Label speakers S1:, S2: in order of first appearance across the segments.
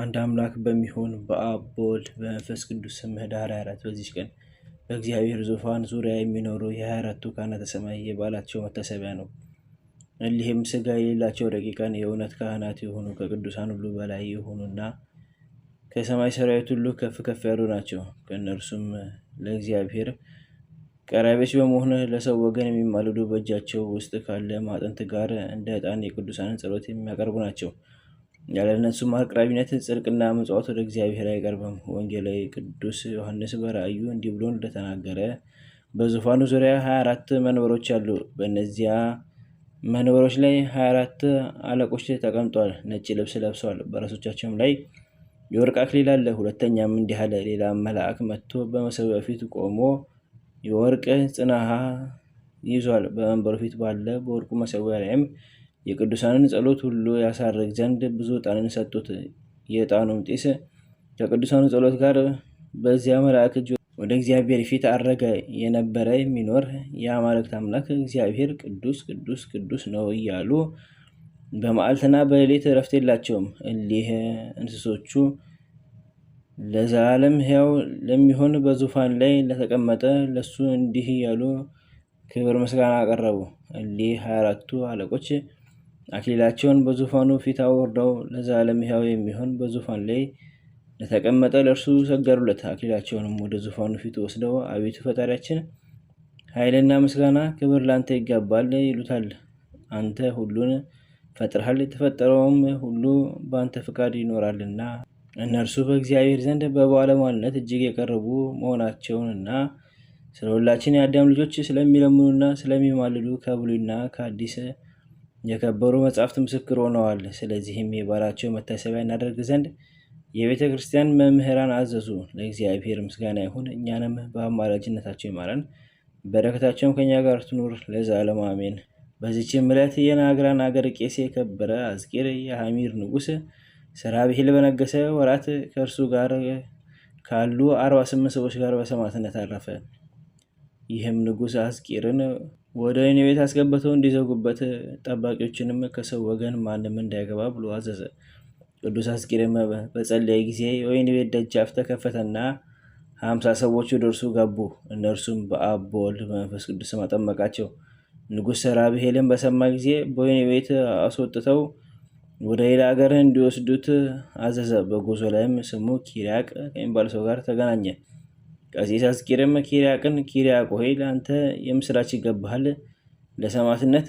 S1: አንድ አምላክ በሚሆን በአብ በወልድ በመንፈስ ቅዱስ ስም ኅዳር 24 በዚች ቀን በእግዚአብሔር ዙፋን ዙሪያ የሚኖሩ የ24ቱ ካህናተ ሰማይ የበዓላቸው መታሰቢያ ነው። እሊህም ስጋ የሌላቸው ረቂቃን የእውነት ካህናት የሆኑ ከቅዱሳን ሁሉ በላይ የሆኑና ከሰማይ ሰራዊት ሁሉ ከፍ ከፍ ያሉ ናቸው። ከእነርሱም ለእግዚአብሔር ቀራቢዎች በመሆን ለሰው ወገን የሚማልዱ በእጃቸው ውስጥ ካለ ማጠንት ጋር እንደ ዕጣን የቅዱሳንን ጸሎት የሚያቀርቡ ናቸው። ያለ እነሱም አቅራቢነት ጽድቅና ምጽዋት ወደ እግዚአብሔር አይቀርብም። ወንጌላዊ ቅዱስ ዮሐንስ በራእዩ እንዲህ ብሎ እንደተናገረ በዙፋኑ ዙሪያ 24 መንበሮች አሉ። በእነዚያ መንበሮች ላይ 24 አለቆች ተቀምጠዋል፣ ነጭ ልብስ ለብሰዋል። በራሶቻቸውም ላይ የወርቅ አክሊል አለ። ሁለተኛም እንዲህ አለ፣ ሌላ መልአክ መጥቶ በመሰዊያው ፊት ቆሞ የወርቅ ጽናሃ ይዟል። በመንበሩ ፊት ባለ በወርቁ መሰዊያ ላይም የቅዱሳንን ጸሎት ሁሉ ያሳርግ ዘንድ ብዙ ዕጣንን ሰጡት። የዕጣኑም ጢስ ከቅዱሳኑ ጸሎት ጋር በዚያ መልአክ እጅ ወደ እግዚአብሔር ፊት አረገ። የነበረ የሚኖር የአማልክት አምላክ እግዚአብሔር ቅዱስ ቅዱስ ቅዱስ ነው እያሉ በመዓልትና በሌሊት እረፍት የላቸውም። እሊህ እንስሶቹ ለዘላለም ሕያው ለሚሆን በዙፋን ላይ ለተቀመጠ ለሱ እንዲህ እያሉ ክብር ምስጋና አቀረቡ። እሊህ 24 አራቱ አለቆች አክሊላቸውን በዙፋኑ ፊት አውርደው ለዘላለም ሕያው የሚሆን በዙፋን ላይ ለተቀመጠ ለእርሱ ሰገሩለት። አክሊላቸውንም ወደ ዙፋኑ ፊት ወስደው አቤቱ ፈጣሪያችን ኃይልና ምስጋና ክብር ለአንተ ይገባል ይሉታል። አንተ ሁሉን ፈጥረሃል፣ የተፈጠረውም ሁሉ በአንተ ፈቃድ ይኖራልና። እነርሱ በእግዚአብሔር ዘንድ በባለሟልነት እጅግ የቀረቡ መሆናቸውንና ስለ ሁላችን የአዳም ልጆች ስለሚለምኑና ስለሚማልዱ ከብሉይና ከአዲስ የከበሩ መጻሕፍት ምስክር ሆነዋል። ስለዚህም የባላቸው መታሰቢያ እናደርግ ዘንድ የቤተ ክርስቲያን መምህራን አዘዙ። ለእግዚአብሔር ምስጋና ይሁን፣ እኛንም በአማላጅነታቸው ይማረን፣ በረከታቸውም ከኛ ጋር ትኑር ለዘላለሙ አሜን። በዚችም ዕለት የናግራን አገር ቄስ የከበረ አዝቂር የሐሚር ንጉሥ ብሄል በነገሰ ወራት ከእርሱ ጋር ካሉ አርባ ሰዎች ጋር በሰማዕትነት አረፈ። ይህም ንጉሥ አዝቂርን ወደ ወህኒ ቤት አስገብተው እንዲዘጉበት ጠባቂዎችንም ከሰው ወገን ማንም እንዳይገባ ብሎ አዘዘ። ቅዱስ አስቂርም በጸለየ ጊዜ የወህኒ ቤት ደጃፍ ተከፈተና ሀምሳ ሰዎች ወደ እርሱ ገቡ። እነርሱም በአብ በወልድ በመንፈስ ቅዱስም አጠመቃቸው። ንጉሥ ራብሄልም በሰማ ጊዜ በወህኒ ቤት አስወጥተው ወደ ሌላ ሀገር እንዲወስዱት አዘዘ። በጉዞ ላይም ስሙ ኪሪያቅ ከሚባል ሰው ጋር ተገናኘ። ቀሲስ አስቄርም ቅን ኪሪያ ሆይ ለአንተ የምስራች ይገባሃል፣ ለሰማዕትነት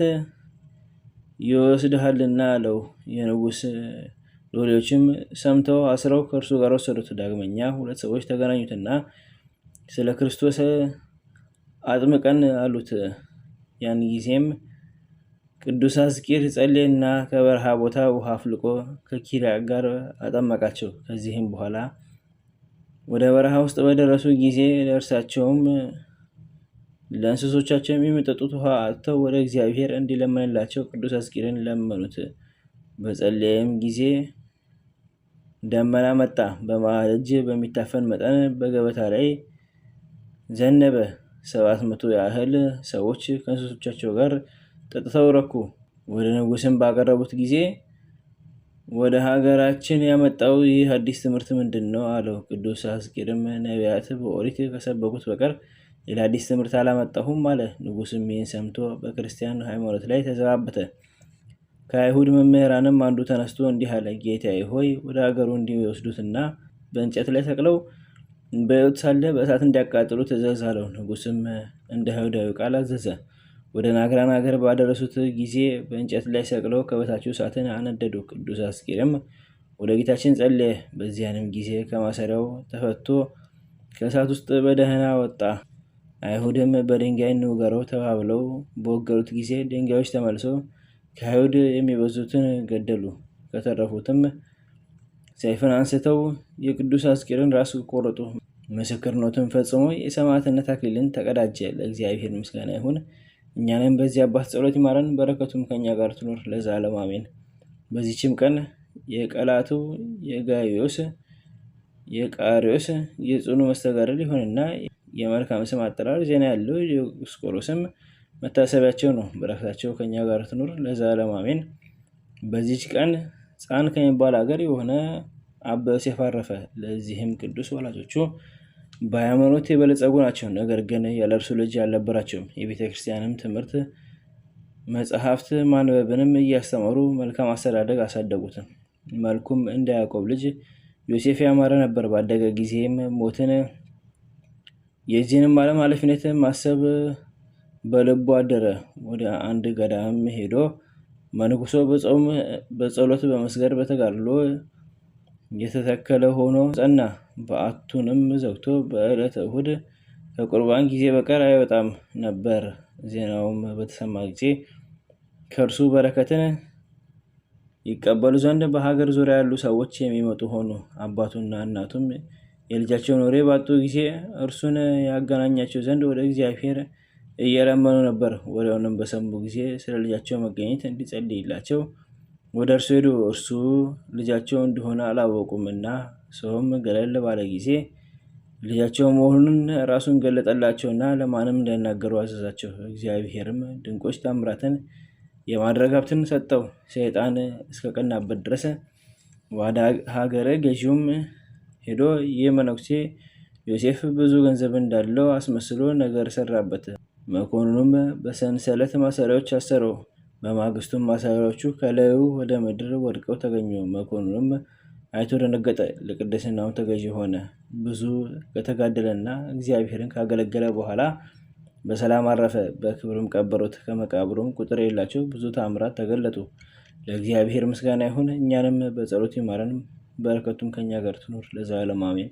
S1: ይወስድሃልና አለው። የንጉስ ሎሌዎችም ሰምተው አስረው ከእርሱ ጋር ወሰዱት። ዳግመኛ ሁለት ሰዎች ተገናኙትና ስለ ክርስቶስ አጥምቀን አሉት። ያን ጊዜም ቅዱስ አስቂር ጸሌና ከበረሃ ቦታ ውሃ አፍልቆ ከኪሪያ ጋር አጠመቃቸው። ከዚህም በኋላ ወደ በረሃ ውስጥ በደረሱ ጊዜ ለእርሳቸውም ለእንስሶቻቸው የሚመጠጡት ውሃ አጥተው ወደ እግዚአብሔር እንዲለመንላቸው ቅዱስ አስቂልን ለመኑት። በጸለየም ጊዜ ደመና መጣ፣ በመሃል እጅ በሚታፈን መጠን በገበታ ላይ ዘነበ። ሰባት መቶ ያህል ሰዎች ከእንስሶቻቸው ጋር ጠጥተው ረኩ። ወደ ንጉስም ባቀረቡት ጊዜ ወደ ሀገራችን ያመጣው ይህ አዲስ ትምህርት ምንድን ነው? አለው። ቅዱስ አስቄጥም ነቢያት በኦሪት ከሰበኩት በቀር ሌላ አዲስ ትምህርት አላመጣሁም አለ። ንጉስም ይህን ሰምቶ በክርስቲያን ሃይማኖት ላይ ተዘባበተ። ከአይሁድ መምህራንም አንዱ ተነስቶ እንዲህ አለ፣ ጌታዬ ሆይ ወደ ሀገሩ እንዲወስዱትና በእንጨት ላይ ሰቅለው በሕይወት ሳለ በእሳት እንዲያቃጥሉ ትእዛዝ አለው። ንጉስም እንደ አይሁዳዊ ቃል አዘዘ። ወደ ናግራን ሀገር ባደረሱት ጊዜ በእንጨት ላይ ሰቅለው ከበታቸው እሳትን አነደዱ። ቅዱስ አስቄርም ወደ ጌታችን ጸለየ። በዚያንም ጊዜ ከማሰሪያው ተፈቶ ከእሳት ውስጥ በደህና ወጣ። አይሁድም በድንጋይ እንውገረው ተባብለው በወገሩት ጊዜ ድንጋዮች ተመልሰው ከአይሁድ የሚበዙትን ገደሉ። ከተረፉትም ሰይፍን አንስተው የቅዱስ አስቄርን ራስ ቆረጡ። ምስክርነቱን ፈጽሞ የሰማዕትነት አክሊልን ተቀዳጀ። ለእግዚአብሔር ምስጋና ይሁን። እኛንም በዚህ አባት ጸሎት ይማረን፣ በረከቱም ከኛ ጋር ትኖር ለዘላለም አሜን። በዚችም ቀን የቀላቱ የጋዮስ የቃሪዮስ የጽኑ መስተጋደል ይሆንና የመልካም ስም አጠራር ዜና ያለው የስቆሮስም መታሰቢያቸው ነው። በረከታቸው ከኛ ጋር ትኖር ለዘላለም አሜን። በዚች ቀን ጻን ከሚባል ሀገር የሆነ አበ አረፈ። ለዚህም ቅዱስ ወላጆቹ በሃይማኖት የበለጸጉ ናቸው፣ ነገር ግን ያለ እርሱ ልጅ አልነበራቸውም። የቤተ ክርስቲያንም ትምህርት መጽሐፍት ማንበብንም እያስተማሩ መልካም አስተዳደግ አሳደጉትም። መልኩም እንደ ያዕቆብ ልጅ ዮሴፍ ያማረ ነበር። ባደገ ጊዜም ሞትን የዚህንም ዓለም ኃላፊነት ማሰብ በልቡ አደረ። ወደ አንድ ገዳም ሄዶ መንኩሶ በጾም በጸሎት በመስገድ በተጋድሎ የተተከለ ሆኖ ጸና። በዓቱንም ዘግቶ በዕለተ እሁድ ከቁርባን ጊዜ በቀር አይወጣም ነበር። ዜናውም በተሰማ ጊዜ ከእርሱ በረከትን ይቀበሉ ዘንድ በሀገር ዙሪያ ያሉ ሰዎች የሚመጡ ሆኑ። አባቱና እናቱም የልጃቸውን ወሬ ባጡ ጊዜ እርሱን ያገናኛቸው ዘንድ ወደ እግዚአብሔር እየለመኑ ነበር። ወሬውንም በሰሙ ጊዜ ስለ ልጃቸው መገኘት እንዲጸልይላቸው ወደ እርሱ ሄዱ። እርሱ ልጃቸው እንደሆነ አላወቁምና፣ ሰውም ገለል ባለ ጊዜ ልጃቸው መሆኑን ራሱን ገለጠላቸውና ለማንም እንዳይናገሩ አዘዛቸው። እግዚአብሔርም ድንቆች ታምራትን የማድረግ ሀብትን ሰጠው። ሰይጣን እስከቀናበት ድረስ ወደ ሀገረ ገዢውም ሄዶ ይህ መነኩሴ ዮሴፍ ብዙ ገንዘብ እንዳለው አስመስሎ ነገር ሰራበት። መኮንኑም በሰንሰለት ማሰሪያዎች አሰረው። በማግስቱም አሳሪዎቹ ከላዩ ወደ ምድር ወድቀው ተገኙ። መኮንኑም አይቶ ደነገጠ፣ ለቅድስናውም ተገዢ ሆነ። ብዙ ከተጋደለና እግዚአብሔርን ካገለገለ በኋላ በሰላም አረፈ፣ በክብርም ቀበሩት። ከመቃብሩም ቁጥር የሌላቸው ብዙ ታምራት ተገለጡ። ለእግዚአብሔር ምስጋና ይሁን፣ እኛንም በጸሎት ይማረን፣ በረከቱም ከኛ ጋር ትኑር ለዛ አሜን።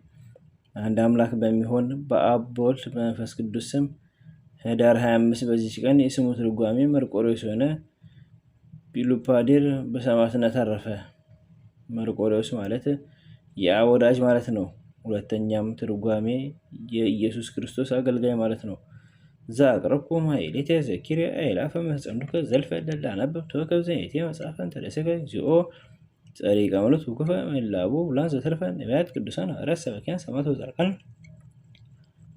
S1: አንድ አምላክ በሚሆን በአብ በወልድ በመንፈስ ቅዱስ ስም ህዳር 25 በዚች ቀን የስሙ ትርጓሜ መርቆሬዎስ የሆነ ፒሉፓዴር በሰማዕትነት አረፈ። መርቆሬዎስ ማለት የአ ወዳጅ ማለት ነው። ሁለተኛም ትርጓሜ የኢየሱስ ክርስቶስ አገልጋይ ማለት ነው። ዛ አቅረብኩ ማይሌት ዘኪር አይላፈ መህፀምዱከ ዘልፈ ደላ ነበብቶ ከብዘኔቴ የቴ መጽሐፈን ተደሰከ ዚኦ ጸሪቀ መሎት ውክፈ ምላቡ ብላን ዘተርፈ ነቢያት ቅዱሳን ረሰበኪያን ሰበኪያን ሰማዕታት ወጻድቃን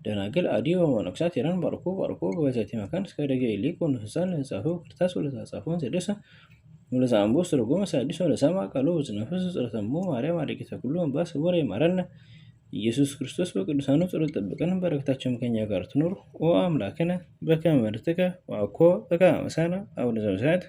S1: ደናግል አዲዮ በመነኮሳት የረን ባርኮ ባርኮ በበዛቲ መካን እስከ ደገ ይልቅ ወንሳን ጻፈው ክርታስ ወለታ ጻፈውን ዘደሰ ወለዛ አንቦ ሰርጎ መሳዲስ ወለሰማ ቃሉ ዝነፍስ ጽረተሞ ማርያም አደጌተ ኩሉ እንባስ ወሬ ማረነ ኢየሱስ ክርስቶስ በቅዱሳኑ ጸሎት ጠብቀን በረከታቸውም ከኛ ጋር ትኑር። ኦ አምላክነ በከመ ምሕረትከ ዋኮ በከመ መሳነ አቡነ ዘበሰማያት